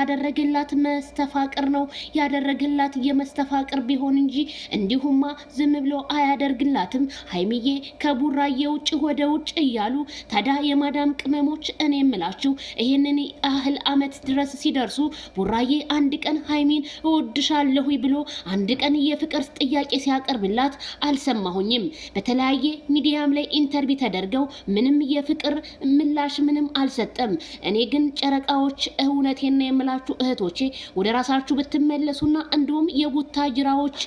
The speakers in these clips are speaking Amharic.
ያደረገላት መስተፋቅር ነው ያደረገላት የመስተፋቅር ቢሆን እንጂ እንዲሁማ ዝም ብሎ አያደርግላትም። ሀይሚዬ ከቡራ የውጭ ወደ ውጭ እያሉ ታዲያ የማዳም ቅመሞች እኔ የምላችሁ ይህንን ያህል አመት ድረስ ሲደርሱ ቡራዬ አንድ ቀን ሀይሚን እወድሻለሁ ብሎ አንድ ቀን የፍቅር ጥያቄ ሲያቀርብላት አልሰማሁኝም። በተለያየ ሚዲያም ላይ ኢንተርቪ ተደርገው ምንም የፍቅር ምላሽ ምንም አልሰጠም። እኔ ግን ጨረቃዎች እውነቴን የምላ ያላችሁ እህቶቼ ወደ ራሳችሁ ብትመለሱና እንዲሁም ጅራዎች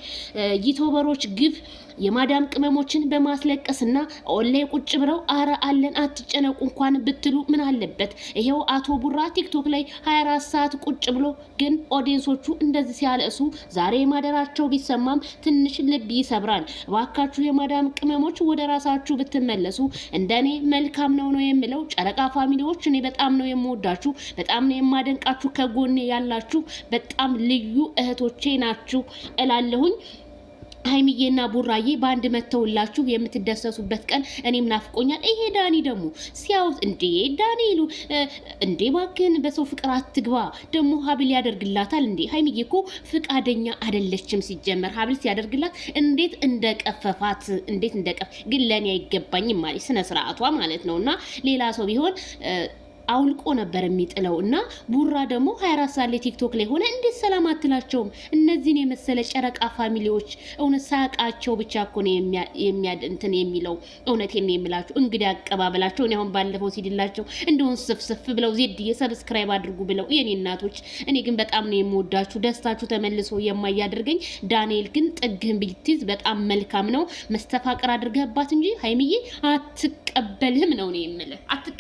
ዩቲዩበሮች ግፍ የማዳም ቅመሞችን በማስለቀስና ኦንላይ ቁጭ ብለው አረ አለን አትጨነቁ እንኳን ብትሉ ምን አለበት? ይሄው አቶ ቡራ ቲክቶክ ላይ 24 ሰዓት ቁጭ ብሎ ግን ኦዲየንሶቹ እንደዚህ ሲያለእሱ ዛሬ የማደራቸው ቢሰማም ትንሽ ልብ ይሰብራል። እባካችሁ የማዳም ቅመሞች ወደ ራሳችሁ ብትመለሱ እንደኔ መልካም ነው ነው የምለው። ጨረቃ ፋሚሊዎች እኔ በጣም ነው የምወዳችሁ፣ በጣም ነው የማደንቃችሁ ከ ከጎኔ ያላችሁ በጣም ልዩ እህቶቼ ናችሁ እላለሁኝ። ሀይሚዬና ቡራዬ በአንድ መተውላችሁ የምትደሰሱበት ቀን እኔም ናፍቆኛል። ይሄ ዳኒ ደግሞ ሲያውት እንዴ ዳኒ ይሉ እንዴ ባክን በሰው ፍቅር አትግባ። ደግሞ ሀብል ያደርግላታል እንዴ ሀይሚዬ እኮ ፍቃደኛ አደለችም። ሲጀመር ሀብል ሲያደርግላት እንዴት እንደቀፈፋት እንዴት እንደቀፍ ግን ለእኔ አይገባኝም ማለት ስነ ስርዓቷ ማለት ነው እና ሌላ ሰው ቢሆን አውልቆ ነበር የሚጥለው እና ቡራ ደግሞ 24 ሰዓት ላይ ቲክቶክ ላይ ሆነ እንዴት ሰላም አትላቸውም? እነዚህን የመሰለ ጨረቃ ፋሚሊዎች እውነት ሳቃቸው ብቻ እኮ ነው የሚያድንትን የሚለው እውነቴን ነው የሚላቸው እንግዲህ አቀባበላቸው እኔ አሁን ባለፈው ሲድላቸው እንደውን ስፍስፍ ብለው ዜድ የሰብስክራይብ አድርጉ ብለው የኔ እናቶች፣ እኔ ግን በጣም ነው የምወዳችሁ። ደስታችሁ ተመልሶ የማያደርገኝ ዳንኤል ግን ጥግህን ብትይዝ በጣም መልካም ነው። መስተፋቅር አድርገህባት እንጂ ሀይምዬ አትቀበልህም ነው ነው የምልህ።